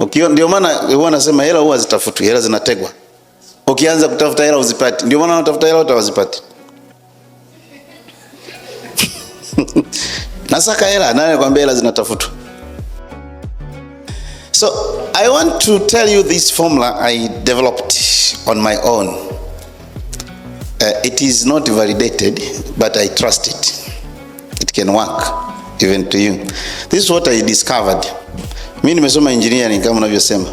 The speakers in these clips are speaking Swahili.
Ukiwa ndio maana huwa nasema hela huwa zitafutwi, hela zinategwa. Ukianza kutafuta hela uzipati, ndio maana unatafuta hela utawazipati. Nasaka hela, na nani kwambia hela zinatafutwa? So I want to tell you this formula I developed on my own. Uh, it is not validated, but I trust it. It can work even to you. This is what I discovered. Mimi nimesoma engineering kama unavyosema.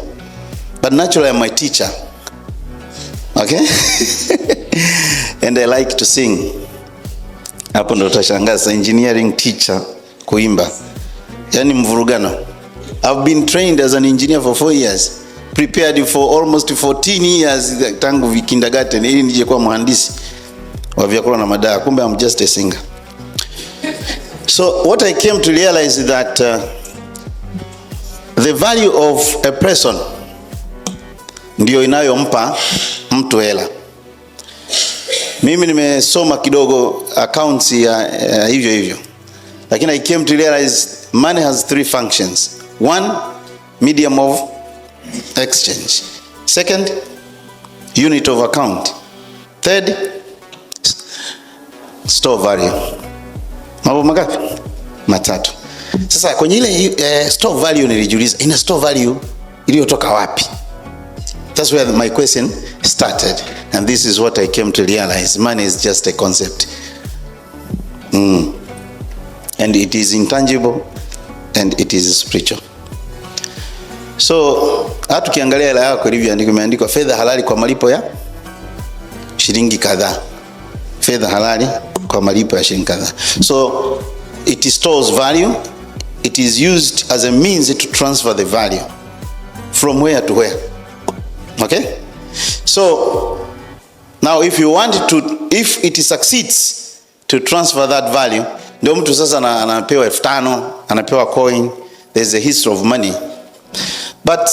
But naturally I'm my teacher. Okay? And I like to sing. Hapo ndo utashangaza engineering teacher kuimba. Yaani mvurugano. I've been trained as an engineer for four years. Prepared for almost 14 years tangu kindergarten ili nije kuwa mhandisi wa vyakula na madawa. Kumbe I'm just a singer. So what I came to realize is that uh, The value of a person ndio inayompa mtu hela. Mimi nimesoma kidogo accounts ya uh, hivyo hivyo, lakini I came to realize money has three functions. One, medium of exchange. Second, unit of account. Third, store value. Mambo mangapi? Matatu. Sasa kwenye ile eh, store value nilijiuliza, ina store value iliyotoka wapi? That's where my question started and this is what I came to realize. Money is just a concept. Mm. And it is intangible and it is spiritual. So hata tukiangalia hela yako ilivyoandikwa, imeandikwa fedha halali kwa malipo ya shilingi kadhaa, fedha halali kwa malipo ya shilingi kadhaa. So it stores value is used as a means to transfer the value from where to where. Okay? So now if you want to if it succeeds to transfer that value, ndio mtu sasa anapewa elfu tano, anapewa coin, there's a history of money. But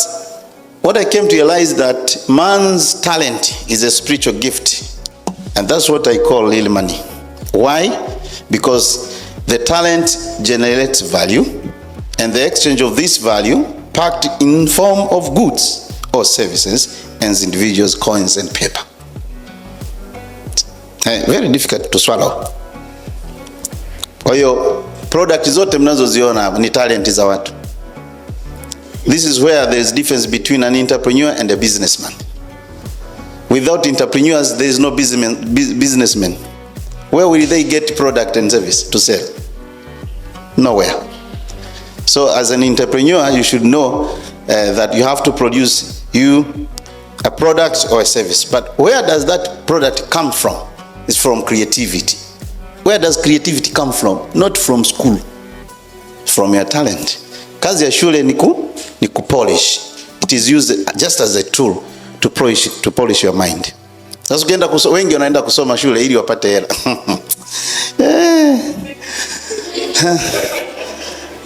what I came to realize that man's talent is a spiritual gift and that's what I call lil money. Why? Because the talent generates value and the exchange of this value packed in form of goods or services as individuals, coins and paper. Hey, eh, very difficult to swallow. Kwa hiyo product zote mnazoziona ni talent za watu. This is where there is difference between an entrepreneur and a businessman. Without entrepreneurs there is no businessmen. Where will they get product and service to sell? Nowhere. So as an entrepreneur, you should know uh, that you have to produce you a product or a service. But where does that product come from? It's from creativity. Where does creativity come from? Not from school. From your talent. Kazi ya shule ni ku ni kupolish. It is used just as a tool to polish, to polish your mind. Sasa ukienda kusoma, wengi wanaenda kusoma shule ili wapate hela. Eh.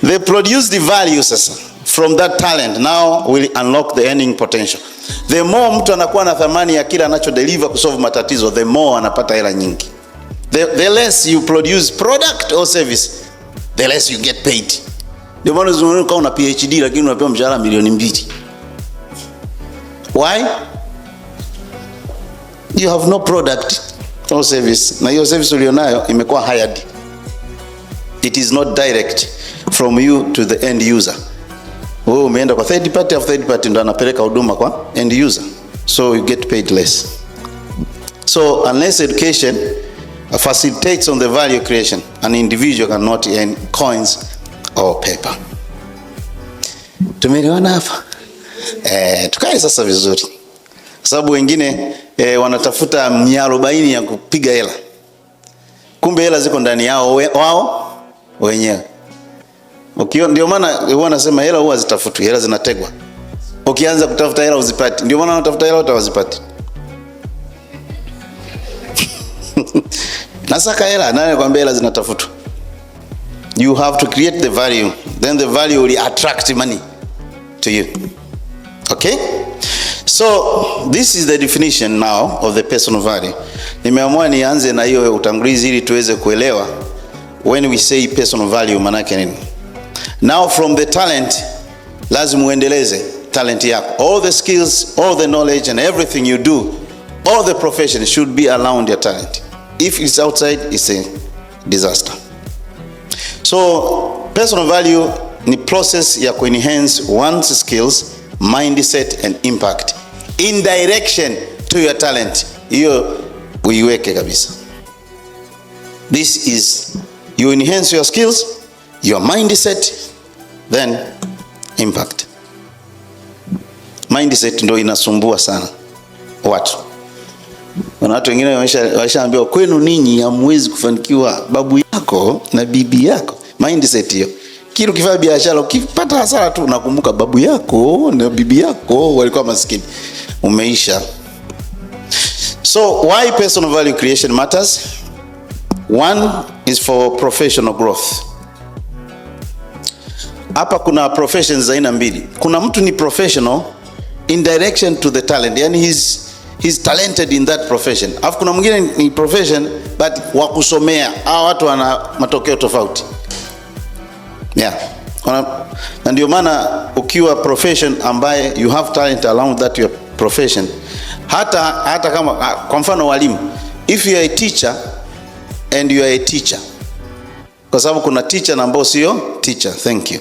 They produce the value sasa from that talent now will unlock the earning potential. The more mtu anakuwa na thamani ya kile deliver kusolve matatizo, the more anapata hela nyingi. The, the less you produce product or service, the less you get paid. Ndio maana unaona una PhD lakini unapewa mshahara milioni mbili. Why? You have no product or service. Na hiyo service ulionayo imekuwa hired. It is not direct from you to the end user. Wewe umeenda kwa third party, au third party ndo anapeleka huduma kwa end user, so you get paid less. So unless education facilitates on the value creation, an individual cannot earn coins or paper. Tumeliona hapa eh, tukae sasa vizuri, kwa sababu wengine eh, wanatafuta miarobaini ya kupiga hela, kumbe hela ziko ndani yao wao wenyewe. Ukiwa ndio maana huwa nasema hela huwa zitafutwi, hela zinategwa. Ukianza kutafuta hela uzipati, ndio maana unatafuta hela utawazipati. Nasaka hela, nani kwambia hela zinatafutwa? You have to create the value, then the value will attract money to you. Okay? So this is the definition now of the personal value. Nimeamua nianze na hiyo utangulizi ili tuweze kuelewa when we say personal value maana yake nini? Now from the talent, lazima uendeleze talent yako. All the skills, all the knowledge and everything you do, all the profession should be around your talent. If it's outside, it's a disaster. So personal value ni process ya kuenhance one's skills, mindset and impact in direction to your talent. Hiyo uiweke kabisa. This is you enhance your skills, your mindset then impact. Mindset ndo inasumbua sana watu. na watu wengine waishaambiwa kwenu ninyi hamwezi kufanikiwa, babu yako na bibi yako. Mindset hiyo kile, ukifanya biashara ukipata hasara tu nakumbuka babu yako na bibi yako walikuwa maskini, umeisha. So why personal value creation matters? One is for professional growth. Hapa kuna professions za aina mbili. Kuna mtu ni professional in direction to the talent, yani he's he's talented in that profession. Alafu kuna mwingine ni profession but wa kusomea. Hawa watu wana matokeo tofauti yeah. Na ndio maana ukiwa profession ambaye you have talent along that your profession, hata hata kama ah, kwa mfano walimu, if you are a teacher and you are a teacher, kwa sababu kuna teacher na ambao sio teacher. Thank you.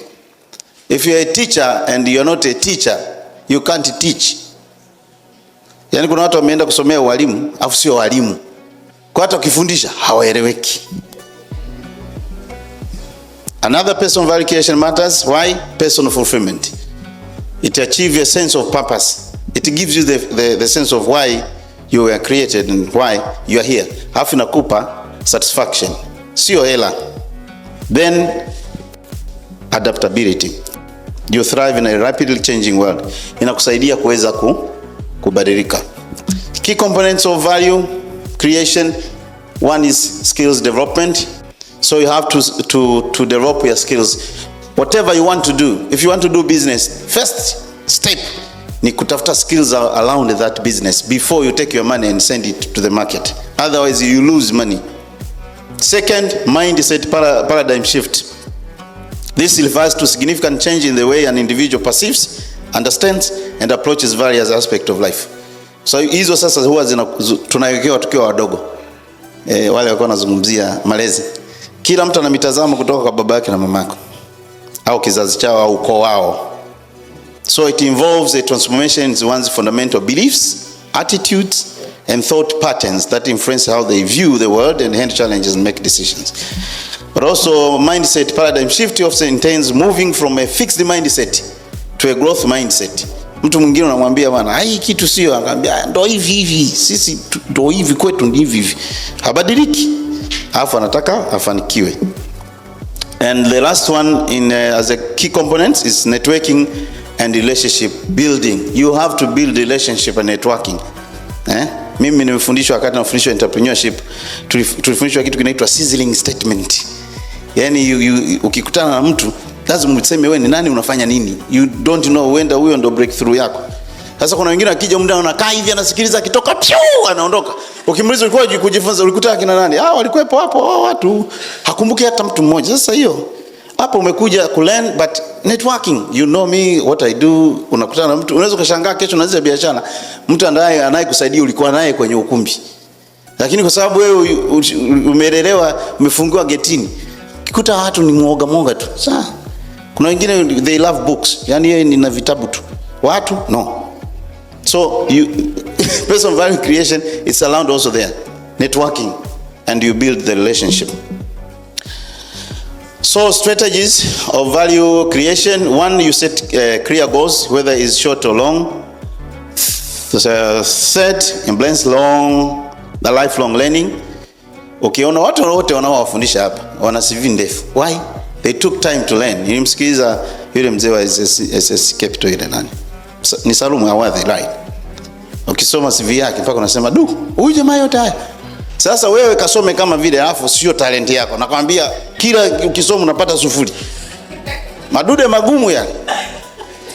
If you are a teacher and you are not a teacher, you can't teach. Yaani kuna watu wameenda kusomea walimu afu sio walimu, kwa hata ukifundisha hawaeleweki. Another person valuation matters. Why? Personal fulfillment. It achieves a sense of purpose. It gives you the, the, the sense of why you were created and why you are here. Hafu inakupa satisfaction, sio hela. Then adaptability. You thrive in a rapidly changing world. Inakusaidia kuweza ku, kubadilika. Key components of value creation, one is skills development. So you have to, to, to develop your skills. Whatever you want to do, if you want to do business, first step ni kutafuta skills around that business before you take your money and send it to the market. Otherwise you lose money. Second, mindset paradigm shift. This refers to significant change in the way an individual perceives, understands and approaches various aspects of life. So hizo sasa huwa tunawekewa tukiwa wadogo. E, wale walikuwa wanazungumzia malezi. Kila mtu ana mitazamo kutoka kwa baba yake na mama yake au kizazi chao au ukoo wao. So it involves a transformation in one's fundamental beliefs, attitudes and thought patterns that influence how they view the world and handle challenges and make decisions. But also mindset paradigm shift often entails moving from a fixed mindset to a growth mindset. Mtu mwingine unamwambia bwana, hii kitu sio, anakuambia ndo hivi hivi, sisi ndo hivi kwetu ndi hivi hivi, habadiliki, alafu anataka afanikiwe. And the last one in uh, as a key component is networking and relationship building. You have to build relationship and networking. Eh? Mimi nimefundishwa wakati nafundishwa entrepreneurship tulifundishwa kitu kinaitwa sizzling statement yani you, you, ukikutana na mtu lazima useme wewe ni nani, unafanya nini, you don't know. Uenda huyo ndio breakthrough yako. Sasa kuna wengine akija muda anakaa hivi anasikiliza, akitoka piu anaondoka. Ukimuuliza ulikuwa kujifunza ulikuta kina nani? Ah, walikuwepo hapo oh, watu, hakumbuki hata mtu mmoja. Sasa hiyo hapo umekuja ku learn but networking, you know me what I do. Unakutana na mtu, unaweza kushangaa kesho unaanza biashara, mtu ndiye anayekusaidia ulikuwa naye kwenye ukumbi, lakini kwa sababu wewe umelelewa umefungiwa getini Kikuta watu ni mwoga mwoga tu. Sasa kuna wengine they love books. yani yeye ni na vitabu tu. Watu no. So you personal value creation is around also there. Networking and you build the relationship. So strategies of value creation. One, you set uh, clear goals, whether it's short or long. So, uh, set and blends long the lifelong learning. Ukiona okay, watu wote wanaowafundisha hapa wana CV ndefu. Why? They took time to learn. Nilimsikiliza yule mzee wa SS Capital ile nani? Ni Salumu Awadhi, right? Ukisoma CV yake mpaka unasema du, huyu jamaa yote haya. Sasa wewe kasome kama vile alafu sio talenti yako. Nakwambia kila ukisoma unapata sufuri. Madude magumu yale.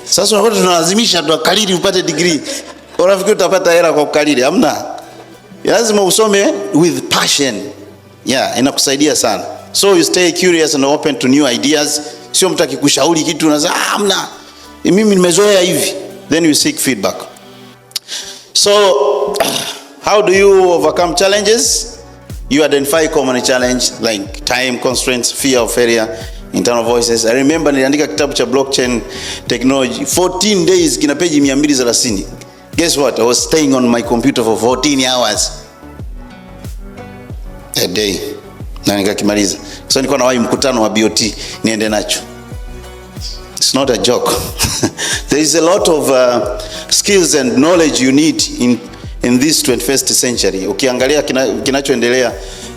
Sasa tunalazimisha tukalili upate degree. Unafikiri utapata hela kwa kukalili? Hamna lazima usome with passion. Yeah, inakusaidia sana. So you stay curious and open to new ideas. Sio mtu akikushauri kitu unasema ah, mna mimi nimezoea hivi, then you seek feedback. So how do you overcome challenges? You identify common challenge like time constraints, fear of failure internal voices. I remember niliandika kitabu cha blockchain technology 14 days kina peji 230. Guess what? I was staying on my computer for 14 hours a day na nikakimaliza. So nilikuwa wai mkutano wa BOT niende nacho. It's not a joke. There is a lot of uh, skills and knowledge you need in in this 21st century. Ukiangalia kina, kinachoendelea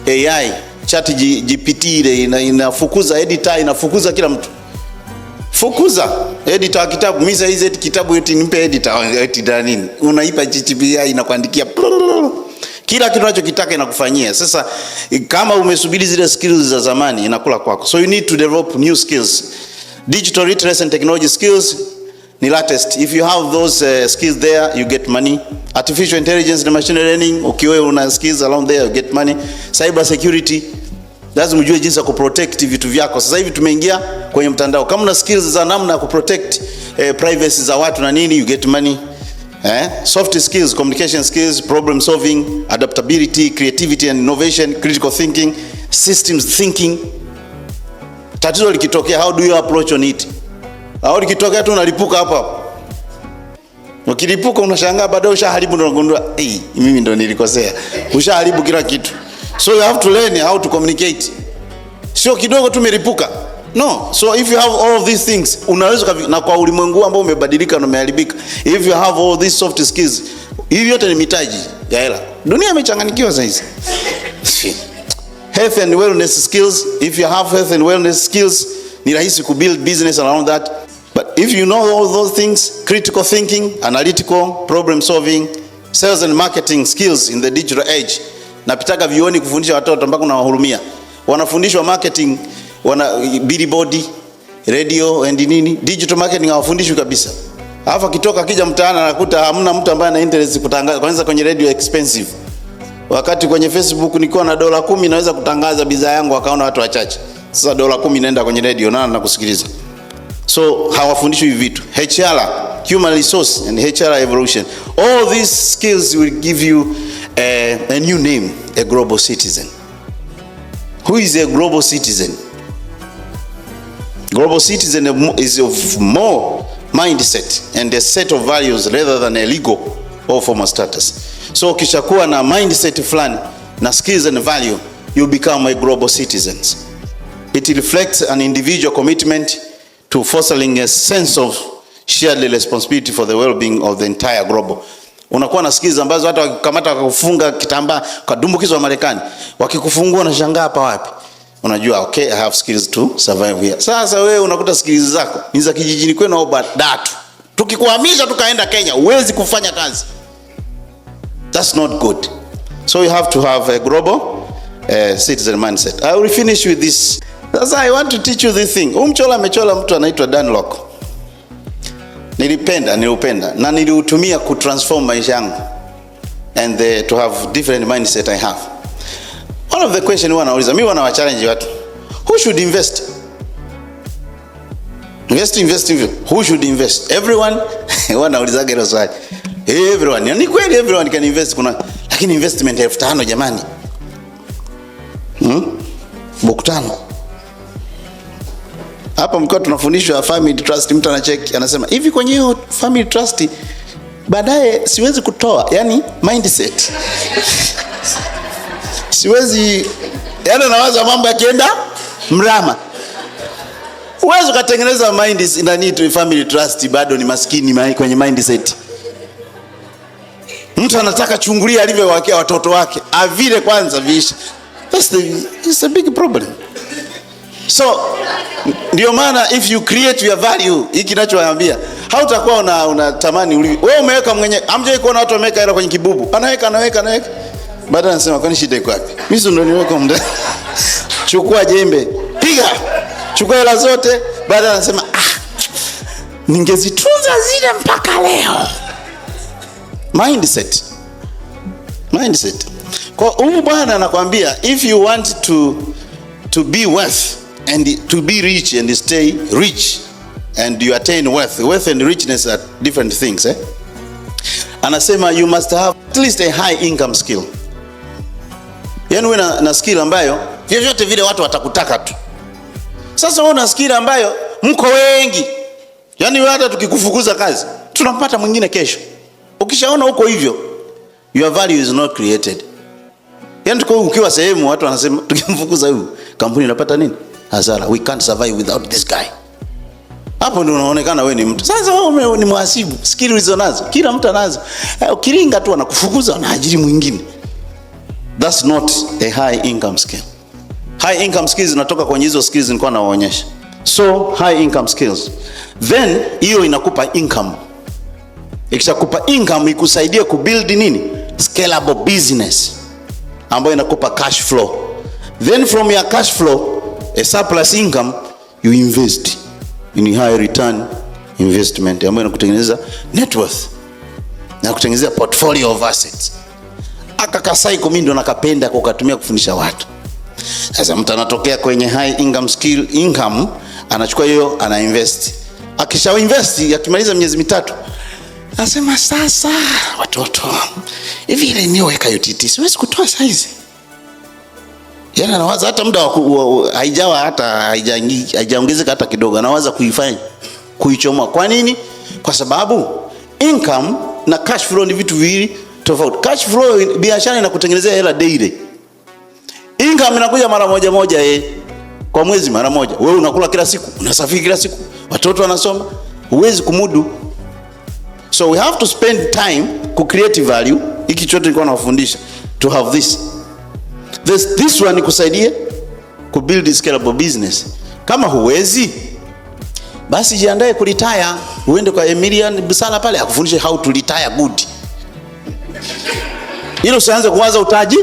AI, chat GPT ile inafukuza editor, inafukuza kila mtu. Fukuza editor wa kitabu Mimi sasa hizi kitabu eti nipe editor eti da nini? Unaipa GPI inakuandikia kila kitu unachokitaka inakufanyia. Sasa kama umesubiri zile skills za zamani inakula kwako, so you need to develop new skills. Digital literacy and technology skills ni latest. If you have those uh, skills there you get money. Artificial intelligence and machine learning, ukiwa una skills along there you get money. Cyber security lazima ujue jinsi ya kuprotect vitu vyako. Sasa hivi tumeingia kwenye mtandao, kama una skills za namna ya kuprotect eh, privacy za watu na nini, you get money eh, soft skills, communication skills, problem solving, adaptability, creativity and innovation, critical thinking, systems thinking. Tatizo likitokea, how do you approach on it? Au likitokea tu unalipuka hapa hapa Ukilipuka unashangaa baadaye ushaharibu, ndo unagundua hey, mimi ndo nilikosea. Ushaharibu kila kitu. So you have to learn how to communicate. Sio kidogo tu meripuka. No, so if you have all of these things, unaweza na kwa ulimwengu ambao umebadilika na umeharibika. If you have all these soft skills, hivi yote ni mitaji ya hela. Dunia imechanganyikiwa sasa hizi. Health and wellness skills, if you have health and wellness skills, ni rahisi ku build business around that. But if you know all those things, critical thinking, analytical, problem solving, sales and marketing skills in the digital age, napitaga vioni kufundisha watoto mpaka nawahurumia, wanafundishwa marketing, wana billboard, radio and nini, digital marketing hawafundishwi kabisa. Alafu akitoka akija mtaani anakuta hamna mtu ambaye ana interest kutangaza. Kwanza kwenye radio expensive, wakati kwenye Facebook nikiwa na dola kumi naweza kutangaza bidhaa yangu, akaona watu wachache. Sasa dola kumi inaenda kwenye radio na nakusikiliza. So hawafundishwi hivi vitu. HR, human resource and HR evolution, all these skills will give you a, eh, a new name, a global citizen. Who is a global citizen? Global citizen is of more mindset and a set of values rather than a legal or formal status. So ukishakuwa na mindset fulani na skills and value, you become a global citizen. It reflects an individual commitment to fostering a sense of shared responsibility for the well-being of the entire global unakuwa na skills ambazo hata wakikamata wakakufunga kitambaa wa Marekani, wakikufungua unashangaa hapa wapi? Unajua, okay, I have skills to survive here. Sasa wewe unakuta skills zako ni za kijijini kwenu au badatu, tukikuhamisha tukaenda Kenya huwezi kufanya kazi. That's not good. So you have to have a global uh, citizen mindset. I will finish with this. Sasa I want to teach you this thing. Umchola amechola mtu anaitwa Dan Dunlop nilipenda, niliupenda na niliutumia kutransform maisha yangu and the, to have different mindset I have. One of the question huwa nauliza mimi, wana challenge watu who should invest invest invest who should invest everyone huwa naulizaga hilo swali everyone, ni kweli everyone can invest, kuna lakini investment elfu tano jamani, hmm? buku tano hapa mkiwa tunafundishwa family trust, mtu anacheki anasema hivi, kwenye hiyo family trust baadaye siwezi kutoa, yani mindset siwezi, yani anawaza mambo yakienda mrama, uwezi ukatengeneza mind nani tu family trust, bado ni maskini kwenye mindset. Mtu anataka chungulia alivyowakea watoto wake avile kwanza viisha. That's the, it's a big problem so ndio maana if you create your value, hiki kinachowaambia hautakuwa una, unatamani uli wewe. Umeweka mwenyewe, hamjai kuona watu wameweka hela kwenye kibubu, anaweka anaweka anaweka, baadaye anasema kwani shida iko wapi? Mimi si ndo niweka mda, chukua jembe piga, chukua hela zote, baadaye anasema ah, ningezitunza zile mpaka leo. Mindset, mindset. Kwa huyu bwana anakuambia if you want to to be worth and to be rich and stay rich and you attain wealth. Wealth and richness are different things eh? Anasema you must have at least a high income skill, yani wewe na, na skill ambayo vyovyote vile watu watakutaka tu. Sasa wewe skill ambayo mko wengi, yani wewe hata tukikufukuza kazi tunampata mwingine kesho. Ukishaona uko hivyo, your value is not created. Yani tuko ukiwa sehemu watu wanasema tukimfukuza huyu kampuni inapata nini? hasara. We can't survive without this guy. Hapo ndio unaonekana wewe ni mtu. Sasa wewe ni mhasibu, skill hizo nazo kila mtu anazo. Eh, ukiringa tu anakufukuza, na anaajiri mwingine. That's not a high income skill. High income skills zinatoka kwenye hizo skills nilikuwa nawaonyesha. So high income skills, then hiyo inakupa income. Ikishakupa income ikusaidie kubuild nini? Scalable business ambayo inakupa cash flow. Then from your cash flow A surplus income you invest in high return investment ambayo inakutengeneza net worth na kutengenezea portfolio of assets. Aka kasaiko mimi ndo nakapenda kukatumia kufundisha watu. Sasa mtu anatokea kwenye high income skill income, anachukua hiyo ana invest. Akisha invest, akimaliza miezi mitatu anasema sasa, watoto, hivi ile niweka UTT siwezi kutoa saizi Yaani anawaza hata muda wa haijawa hata haijaongezeka hata kidogo, anawaza kuifanya kuichoma. Kwa nini? Kwa sababu income na cash flow ni vitu viwili tofauti. Cash flow, biashara inakutengenezea hela daily. Income inakuja mara moja moja, eh, kwa mwezi mara moja. Wewe unakula kila siku, unasafiri kila siku, watoto wanasoma, huwezi kumudu. So we have to spend time ku create value. Hiki chote nilikuwa nawafundisha to have this this, this one ku build scalable business. Kama huwezi basi jiandae kuretire, uende kwa Emilian Busala pale akufundishe how to retire good, ila usianze kuwaza utaji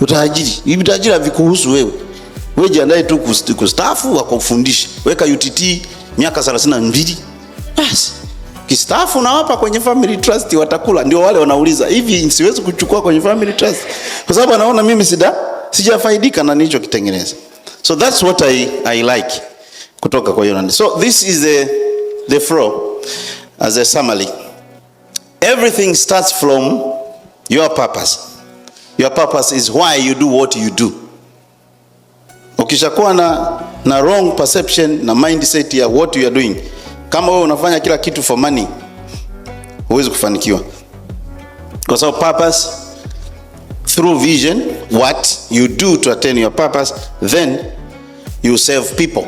utaajiri hivi. Tajiri havikuhusu wewe, wewe jiandae tu kustafu wakufundishe. Weka UTT miaka 32 basi. Kistaafu nawapa kwenye family trust watakula. Ndio wale wanauliza hivi, siwezi kuchukua kwenye family trust kwa sababu anaona mimi sida sijafaidika na nicho kitengeneza. So that's what I, I like kutoka kwa Yonani. So this is the, the flow as a summary. Everything starts from your purpose. Your purpose is why you do what you do. Ukishakuwa na, na wrong perception na mindset ya what you are doing kama wewe unafanya kila kitu for money, huwezi kufanikiwa, kwa sababu purpose through vision, what you do to attain your purpose, then you serve people.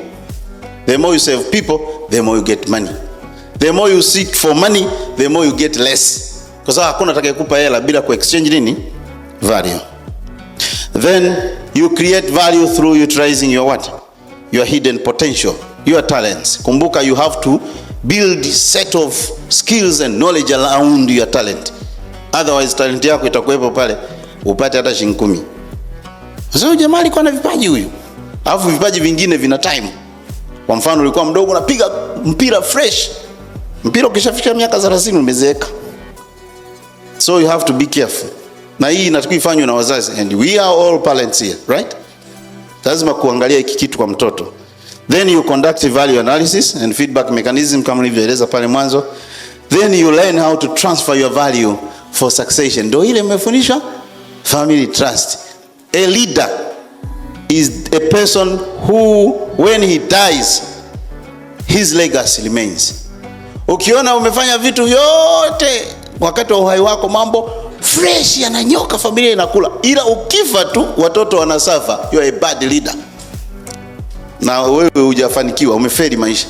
The more you serve people, the more you get money. The more you seek for money, the more you get less, kwa sababu hakuna atakayekupa hela bila ku exchange nini value. Then you create value through utilizing your what your hidden potential your talents. Kumbuka, you have to build a set of skills and knowledge around your talent. Otherwise, talent yako itakuwepo pale upate hata shilingi kumi. Sasa jamaa alikuwa na vipaji huyu, alafu vipaji vingine vina time. Kwa mfano, ulikuwa mdogo unapiga mpira fresh, mpira ukishafika miaka 30 umezeeka, so you have to be careful. Na hii inatakiwa ifanywe na wazazi, and we are all parents here, right? Lazima kuangalia hiki kitu kwa mtoto. Then you conduct value analysis and feedback mechanism kama nilivyoeleza pale mwanzo. Then you learn how to transfer your value for succession. Ndio ile mmefundishwa family trust. A leader is a person who when he dies his legacy remains. Ukiona umefanya vitu vyote wakati wa uhai wako mambo fresh yananyoka, familia inakula, ila ukifa tu watoto wanasafa, you are a bad leader na wewe hujafanikiwa, umefeli maisha.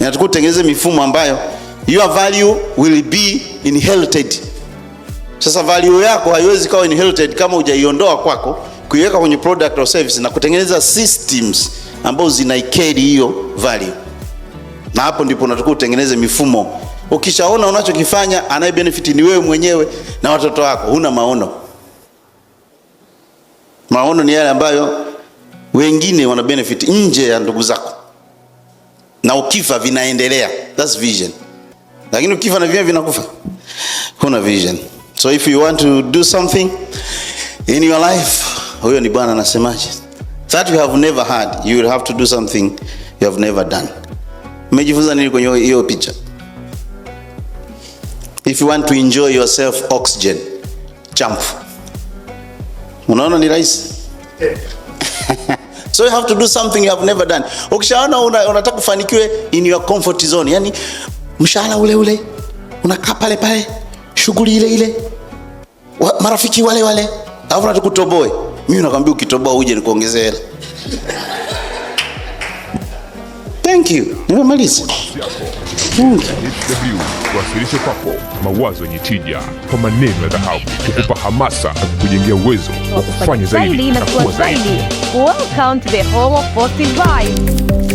Inatakiwa utengeneze mifumo ambayo your value will be inherited. Sasa value yako haiwezi kawa inherited kama hujaiondoa kwako, kuiweka kwenye product or service na kutengeneza systems ambazo zinaikeri hiyo value, na hapo ndipo unatakiwa utengeneze mifumo. Ukishaona unachokifanya anaye benefit ni wewe mwenyewe na watoto wako, huna maono. Maono ni yale ambayo wengine wana benefit nje ya ndugu zako, na ukifa vinaendelea. That's vision, lakini ukifa na vingine vinakufa, huna vision. So if you want to do something in your life, huyo ni Bwana anasemaje? That you have never had, you will have to do something you have never done. Umejifunza nini kwenye hiyo picha? If you want to enjoy yourself oxygen, jump. Unaona ni rahisi? Eh. So you have to do something you have never done. Ukishaona unataka kufanikiwe in your comfort zone. yani mshahara ule ule, unakaa pale pale, shughuli ile ile. Marafiki wale wale. Alafu unataka Mimi nakwambia ukitoboa uje nikuongezee hela. Thank you. Nimemaliza. Wasilishe kwako mawazo yenye tija kwa maneno ya dhahabu, kukupa hamasa na kukujengea uwezo wa kufanya zaidi na kuwa zaidi. Welcome to the home of positive vibes.